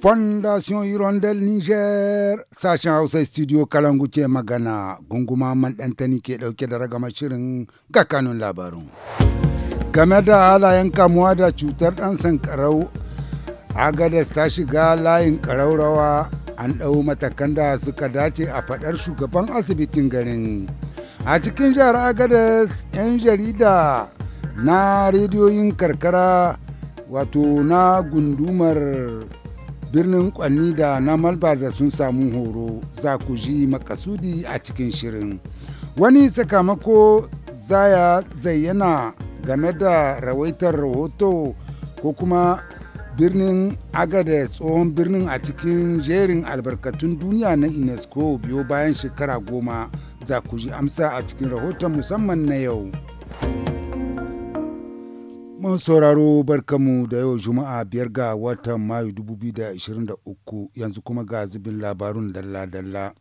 Fondation Hirondelle Niger sashen Hausa studio Kalangu ke magana gunguma mandantani ke dauke da ragama shirin ga kanun labarin. Game da halayen kamuwa da cutar ɗan sankarau, Agades ta shiga layin ƙaraurawa an ɗau matakan da suka dace a faɗar shugaban asibitin garin. A cikin jihar Agades 'yan jarida na rediyoyin karkara wato na gundumar birnin kwani da na malbaza sun samu horo za ku ji makasudi a cikin shirin wani sakamako zaya zayyana game da rawaitar rahoto ko kuma birnin agada tsohon birnin a cikin jerin albarkatun duniya na unesco biyo bayan shekara goma za ku ji amsa a cikin rahoton musamman na yau. Mun sauraro barkamu da yau Juma'a biyar ga watan Mayu 2023 yanzu kuma ga zubin labarun dalla-dalla.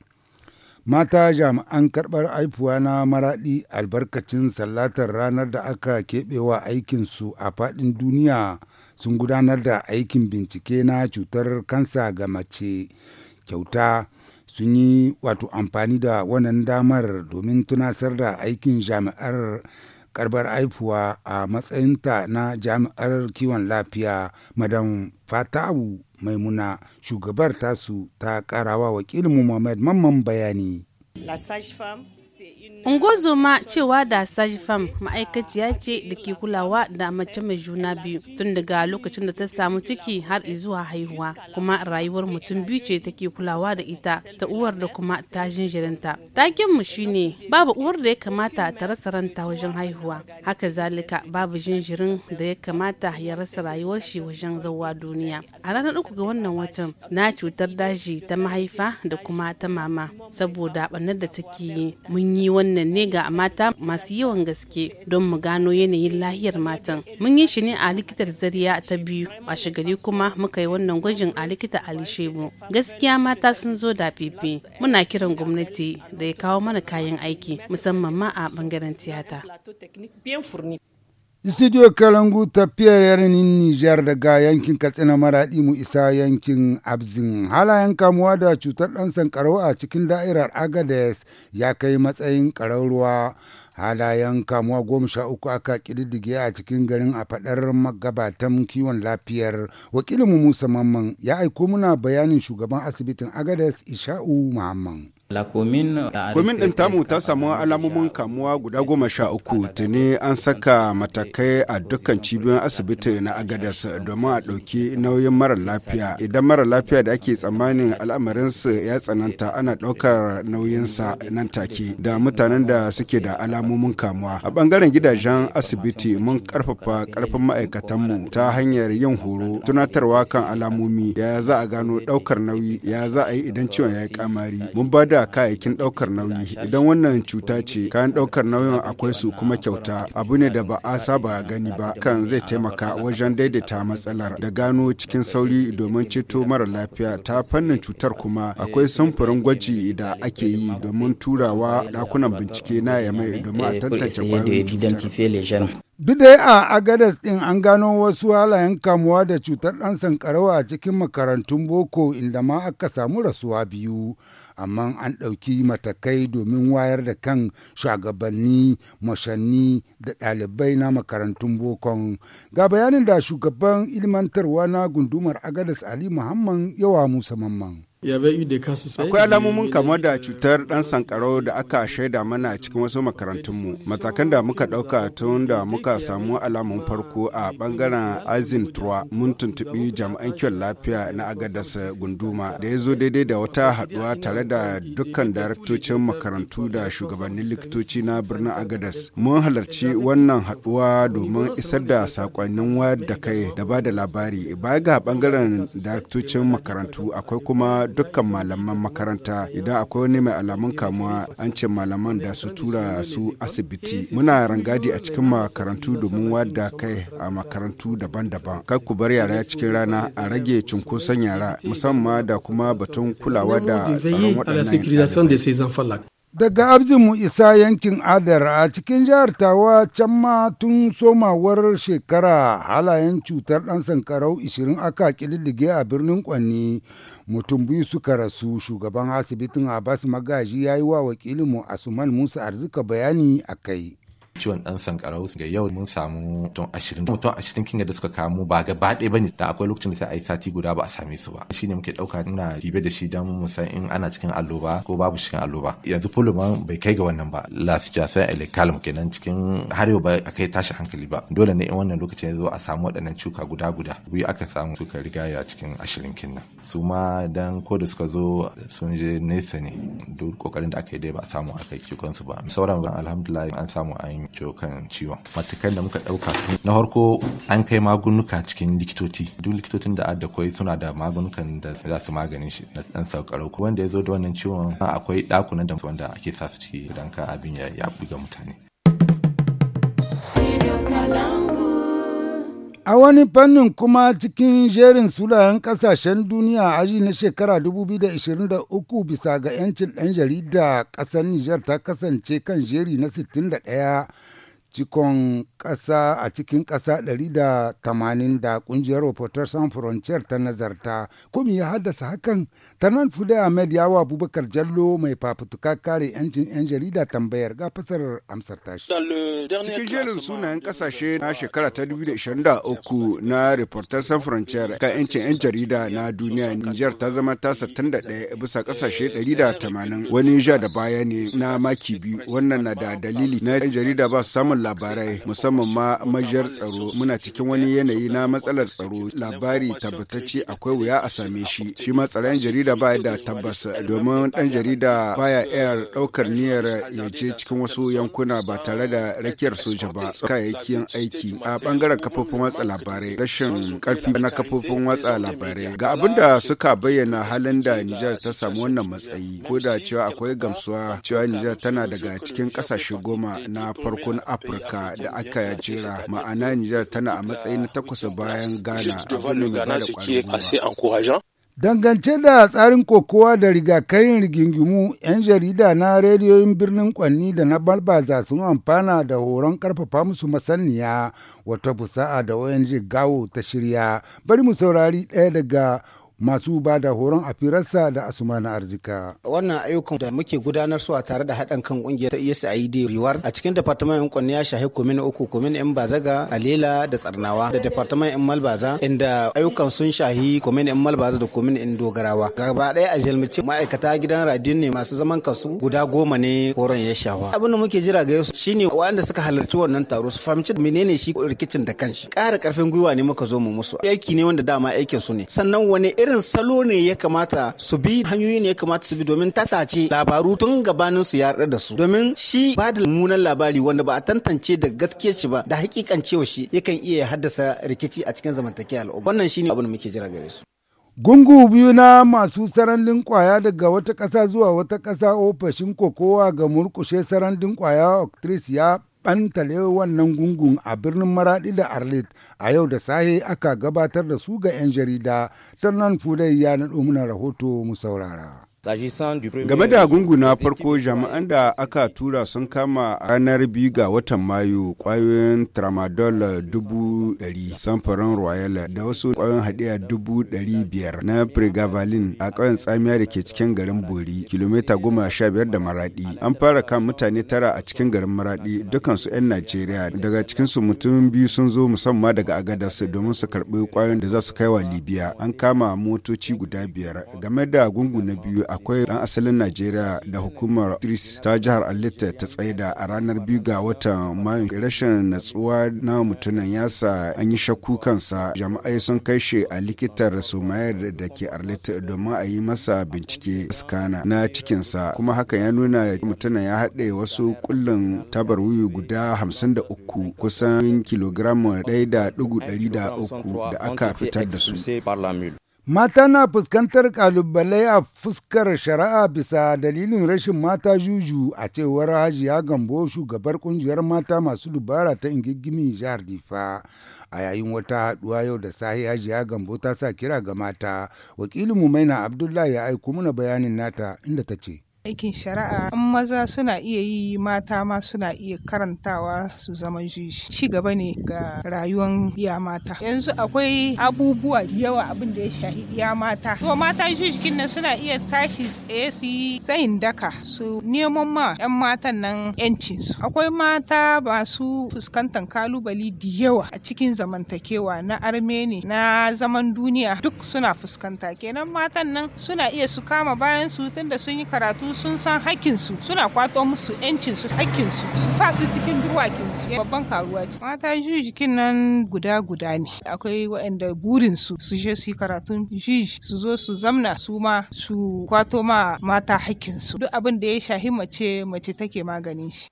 Mata jami'an karɓar haifuwa na maraɗi albarkacin sallatar ranar da aka keɓewa aikinsu a faɗin duniya sun gudanar da aikin bincike na cutar kansa ga mace kyauta. sun yi wato amfani da wannan damar domin tunasar da aikin jami'ar karbar aifuwa a matsayinta na jami'ar kiwon lafiya madam Fatawu maimuna shugabar tasu ta karawa wakilin muhammad mamman bayani La Ungozoma cewa da Sajifam ma'aikaciya ce da ke kulawa da mace mai juna biyu tun daga lokacin da ta samu ciki har zuwa haihuwa kuma rayuwar mutum biyu ce take kulawa da ita ta uwar da kuma ta jinjirinta. takin mu shine babu uwar da ya kamata ta rasa ranta wajen haihuwa haka zalika babu jinjirin da ya kamata ya rasa rayuwar shi wajen zawa duniya. A ranar uku ga wannan watan na cutar daji ta mahaifa da kuma ta mama saboda ɓannar da take yi mun yi wannan ne ga mata masu yawan gaske don mu gano yanayin lahiyar matan mun yi shi ne a likitar zariya ta biyu a shigari kuma muka yi wannan gwajin a likita ali shebu gaskiya mata sun zo da fifi muna kiran gwamnati da ya kawo mana kayan aiki musamman ma a bangaren tiyata studio kalangu tafiyar yarinin nijar daga yankin katsina Maraɗi mu isa yankin abzin halayen kamuwa da cutar ɗan sankarau a cikin da'irar agades ya kai matsayin ƙararruwa halayen kamuwa goma sha uku aka ƙididdige a cikin garin a faɗar magabatan kiwon lafiyar wakilinmu musa mamman ya aiko muna bayanin shugaban asibitin agades isha'u muhammad Komin ɗin tamu ta samu alamomin kamuwa guda goma sha uku tuni an saka matakai a dukkan cibiyoyin asibiti na Agadas domin a ɗauki nauyin mara lafiya. Idan mara lafiya da ake tsammanin al'amarinsu ya tsananta ana ɗaukar nauyinsa nan take da mutanen da suke da alamomin kamuwa. A bangaren gidajen asibiti mun ƙarfafa ƙarfin ma'aikatanmu ta hanyar yin horo tunatarwa kan alamomi ya za a gano ɗaukar nauyi ya za a yi idan ciwon ya yi kamari. Mun ba da da kayayyakin ɗaukar nauyi idan wannan cuta ce kayan ɗaukar nauyin akwai su kuma kyauta abu ne da ba a saba gani ba kan zai taimaka wajen daidaita matsalar da gano cikin sauri domin ceto mara lafiya ta fannin cutar kuma akwai samfurin gwaji da ake yi domin turawa dakunan bincike na yamai domin a tantance kwayoyin cutar. Duk da a Agadas ɗin an gano wasu halayen kamuwa da cutar ɗan sankarau a cikin makarantun boko inda ma aka samu rasuwa biyu, amma an ɗauki matakai domin wayar da kan shugabanni, mashanni da ɗalibai na makarantun bokon. Ga bayanin da shugaban ilmantarwa na gundumar Agadas Ali Muhammad yawa Musa Mamman. Akwai alamomin kama da cutar ɗan sankarau da aka shaida mana a cikin wasu makarantun mu Matakan da muka ɗauka tun da muka samu alamun farko a bangaren Azin 3 mun tuntubi jami'an kiwon lafiya na Agadas Gunduma da ya zo daidai da wata haduwa tare da dukkan daraktocin makarantu da shugabannin likitoci na birnin Agadas. Mun halarci wannan haduwa domin isar da sakonnin wayar da kai da ba da labari. Baya ga bangaren daraktocin makarantu akwai kuma dukkan malaman makaranta idan akwai wani mai alamun kamuwa an ce malaman da su tura su asibiti muna rangadi a cikin makarantu domin wada kai a makarantu daban-daban kar ku bar yara cikin rana a rage cunkoson yara musamman da kuma batun kulawa da tsaron waɗannan Daga abzin mu isa yankin adara a cikin jihar Tawa can ma tun somawar shekara halayen cutar ɗan sankarau 20 aka kididdige a birnin Kwanni mutum biyu suka rasu shugaban asibitin Abbas Magaji ya yi wa wakilinmu Asuman Musa Arzika bayani a kai. ciwon dan sankarau ga yau mun samu mutum ashirin mutum ashirin kinga da suka kamu ba gaba ɗaya bane da akwai lokacin da sai a yi sati guda ba a same su ba shine muke ɗauka muna ribe da shi don mu san in ana cikin alloba ko babu cikin alloba yanzu fuluman bai kai ga wannan ba la situation elecalm kenan cikin har yau ba a kai tashi hankali ba dole ne in wannan lokacin ya a samu waɗannan cuka guda guda biyu aka samu suka ya cikin ashirin kinnan su ma dan ko da suka zo sun je nesa ne duk kokarin da aka yi dai ba a samu aka yi su ba sauran ban alhamdulillah an samu an Cokan kan ciwon matakan da muka ɗauka na farko an kai magunuka cikin likitoci duk likitocin da adda koi suna da magunukan da za su magani shi na ɗan saukarau wanda ya zo da wannan ciwon akwai ɗakunan da wanda ake sasu ciki idan ka abin ya buga mutane. A wani fannin kuma cikin jerin sulayen kasashen duniya aji na shekara 2023 bisa ga 'yancin ɗan jarida ƙasar Nijar ta kasance kan jeri na 61 cikon ƙasa a cikin ƙasa 180 da ƙungiyar Reporters Sans Frontier ta nazarta. Kuma ya haddasa hakan, ta nan Fude Ahmed yawa Abubakar Jallo mai fafutuka kare 'yancin 'yan jarida tambayar ga fasar amsar tashi. Cikin jerin sunayen ƙasashe na shekara ta 2023 na Reporters Sans Frontier kan 'yancin 'yan jarida na duniya Nijar ta zama ta 61 bisa ƙasashe 180 wani ja da baya ne na maki biyu wannan na da dalili na 'yan jarida ba samun labarai musamman ma majiyar tsaro muna cikin wani yanayi na matsalar tsaro labari tabbatacce akwai wuya a same shi shi ma tsaron jarida ba da tabbas domin dan jarida baya air daukar niyyar ya je cikin wasu yankuna ba tare da rakiyar soja ba kayayyakin aiki a bangaren kafofin watsa labarai rashin karfi na kafofin watsa labarai ga abin da suka bayyana halin da Nijar ta samu wannan matsayi ko da cewa akwai gamsuwa cewa Nijar tana daga cikin kasashe goma na farkon Afirka Afirka da aka jera ma'ana Nijar tana a matsayi na takwas bayan Ghana abin da mai bada ƙwarin Dangance da tsarin kokowa da rigakain rigingimu, 'yan jarida na rediyoyin birnin Kwanni da na Balbaza sun amfana da horon karfafa musu masaniya wata fusa'a da ONG Gawo ta shirya. Bari mu saurari ɗaya daga masu ba da horon a firarsa da asuma arzika. Wannan ayyukan da muke gudanar su a tare da haɗin kan ƙungiyar ta USAID e Riwar a cikin departament ɗin Kwanne ya shahi komin uku komin in Bazaga, Alela da Tsarnawa da departament in Malbaza inda ayyukan sun shahi komin in Malbaza da komin in Dogarawa. Gaba ɗaya a jelmice ma'aikata gidan radiyo ne masu zaman kansu guda goma ne horon ya shawa. Abin da muke jira ga yau shine waɗanda suka halarci wannan taro su fahimci menene shi rikicin da kanshi. Ƙara ƙarfin gwiwa ne muka zo mu musu. Aiki ne wanda dama aikin su ne. Sannan wani irin salo ne ya kamata su bi hanyoyi ne ya kamata su bi domin tatace labaru tun gabanin su yaɗa da su domin shi ba da mummunan labari wanda ba a tantance da gaskiyar shi ba da hakikan cewa shi yakan iya haddasa rikici a cikin zamantakewa al'umma wannan shine abin da muke jira gare su Gungu biyu na masu sarandin kwaya daga wata ƙasa zuwa wata ƙasa ofishin kokowa ga murkushe sarandin kwaya Octris ya bantale wannan gungun a birnin maradi da arlit a yau da sahe aka gabatar da su ga 'yan jarida nan fudai ya naɗo mana rahoto mu saurara. Game da gungu na farko jami'an da aka tura sun kama ranar biyu ga watan Mayu kwayoyin tramadol dubu ɗari samfurin royal da wasu kwayoyin hadiya dubu ɗari biyar na pregavalin a ƙauyen tsamiya da ke cikin garin Bori kilomita goma sha biyar da Maraɗi. An fara kan mutane tara a cikin garin Maraɗi dukansu 'yan Najeriya daga cikinsu mutum biyu sun zo musamman daga Agadas domin su karɓi kwayoyin da za su kai wa Libya. An kama motoci guda biyar game da gungu na biyu akwai ɗan asalin Najeriya da hukumar Tris ta jihar alitta ta tsaida a ranar biyu ga watan Mayu. Rashin natsuwa na mutumin yasa an yi shakku kansa jama'ai sun kai shi a likitar Sumayar da ke Arlita domin a yi masa bincike skana na cikinsa kuma hakan ya nuna mutumin ya haɗe wasu kullun tabar wuyu guda 53 kusan kilogram uku da aka fitar da su. Mata na fuskantar ƙalubalai a fuskar shari'a bisa dalilin rashin mata juju a cewar Hajiya Gambo shugabar kungiyar mata masu dubara ta ingigimi jihar Difa. A yayin wata haɗuwa yau da sahi Hajiya Gambo ta sa kira ga mata. Wakilin mu Maina Abdullahi ya aiko mana bayanin nata inda ta ce. aikin shari'a in maza suna iya yi mata ma suna iya karantawa su zama juji ci gaba ne ga rayuwar iya mata yanzu akwai abubuwa da yawa abin da ya shahi iya mata to mata jujikin nan suna iya tashi tsaye su yi tsayin daka su neman ma 'yan matan nan 'yancinsu akwai mata masu fuskantar kalubali da yawa a cikin zamantakewa na armeni na zaman duniya duk suna fuskanta kenan matan nan suna iya su kama bayan su tunda sun yi karatu sun san hakkin su. suna kwato musu yancinsu hakkinsu su sa su cikin su. babban karuwa ce mata jikin nan guda guda ne akwai waɗanda burinsu su je su yi karatun jiji su zo su zamna su ma su kwato ma mata hakkinsu duk abin da ya shahi mace mace take maganin shi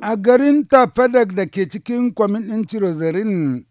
a garin tafadak da ke cikin kwamitin cirozarin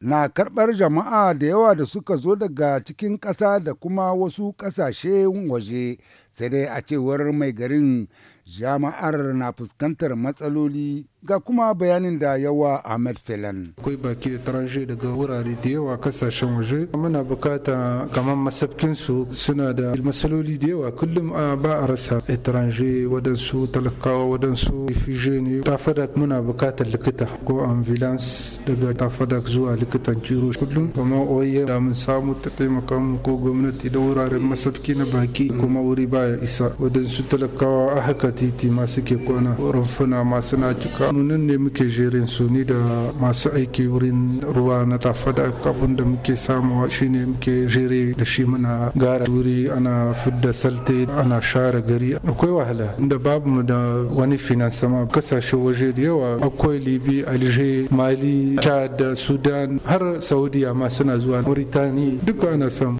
na karɓar jama'a da yawa da suka zo daga cikin ƙasa da kuma wasu ƙasashen waje sai dai a cewar mai garin jama'ar na fuskantar matsaloli ga kuma bayanin da yawa Ahmed Felan. Akwai baki taranje daga wurare da yawa kasashen waje. Muna bukata kamar masafkinsu suna da masaloli da yawa kullum a ah, ba a rasa taranje wadansu talakawa wadansu fije ne. Tafadak muna bukatar likita ko ambulance daga tafadak zuwa likitan ciro kullum. Kuma oye da mun samu ta taimaka mu ko gwamnati da wuraren masafki na baki kuma wuri baya isa. Wadansu talakawa a haka titi ma ke kwana rumfuna ma suna cika ruwa nunan ne muke jerin su ni da masu aiki wurin ruwa na tafa da abun da muke samuwa shine muke jere da shi muna gara wuri ana fidda salte ana share gari akwai wahala inda babu mu da wani finansama kasashe waje da yawa akwai libi alje mali ta da sudan har saudiya ma suna zuwa mauritani duka ana samu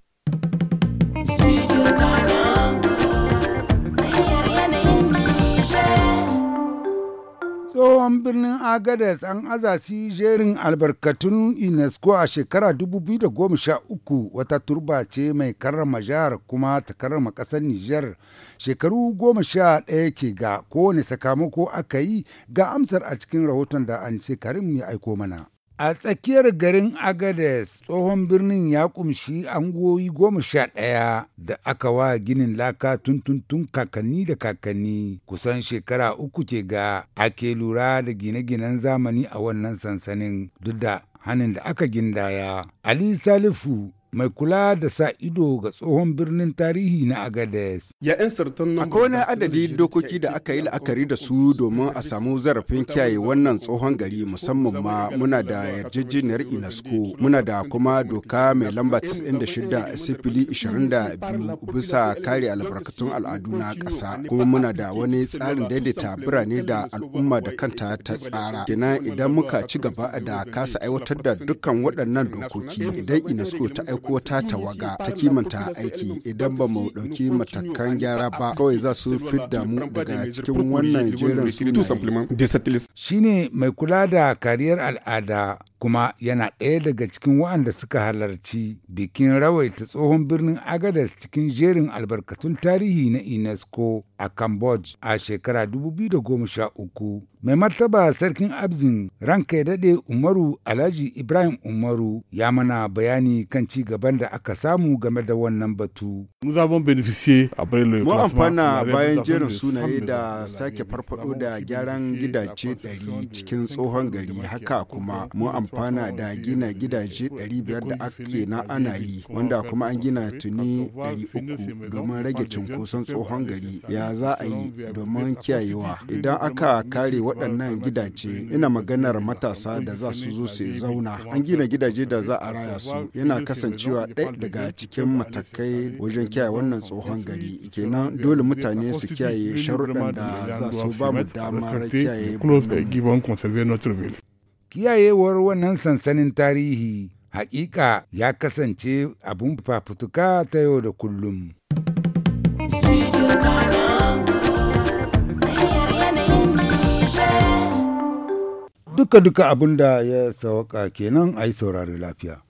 birnin Agadez an azasi jerin albarkatun UNESCO a shekara 2013 wata turba ce mai karrama jihar kuma ta karrama kasar Nijar. Shekaru goma sha ɗaya ke ga kowane sakamako aka yi ga amsar a cikin rahoton da an Karim ya aiko mana. A tsakiyar garin Agades tsohon birnin ya kumshi angoyi goma sha ɗaya da aka wa ginin laka tuntuntun kakanni da kakanni kusan shekara uku ke ga ake lura da gine-ginen zamani a wannan sansanin duk da hannun da aka gindaya. Ali Salifu mai kula da sa ido ga tsohon birnin tarihi na agades akwai wani adadi dokoki da aka yi la'akari da su domin a samu zarafin kiyaye wannan tsohon gari musamman ma muna da yarjejeniyar unesco muna da kuma doka mai lamba 96 sifili 22 bisa kare albarkatun al'adu na ƙasa kuma muna da wani tsarin daidaita birane da al'umma da kanta ta tsara kenan idan muka ci gaba da kasa aiwatar da dukkan waɗannan dokoki idan unesco ta ko ta tawaga ta kimanta aiki idan ba mu ɗauki matakan gyara ba kawai za su fidda mu daga cikin wannan jerin sunaye. Shi ne mai kula da kariyar al'ada kuma yana ɗaya daga cikin waɗanda suka halarci bikin rawaita tsohon birnin agadas cikin jerin albarkatun tarihi na unesco a cambodge a shekara 2013 mai martaba sarkin abzin ranka ya daɗe umaru alhaji ibrahim umaru ya mana bayani kan ci gaban da aka samu game da wannan batu. Mu amfana bayan jerin sunaye da sake farfado da gyaran gidaje 100 cikin tsohon gari haka kuma mu amfana da gina gidaje 500 da ake na ana yi wanda kuma an gina tuni 300 domin rage cunkoson tsohon gari ya za a yi domin kiyayewa idan aka kare waɗannan gidaje ina maganar matasa da za su zo su zauna an gina gidaje da za a raya su yana kasance cewa ɗaya daga cikin matakai wajen kiyaye wannan tsohon gari kenan dole mutane su kiyaye sharuɗan da za su ba mu damar kiyaye kiyayewar wannan sansanin tarihi hakika ya kasance abun fafutuka ta yau da kullum. Duka-duka abin da ya sauka kenan a yi saurari lafiya.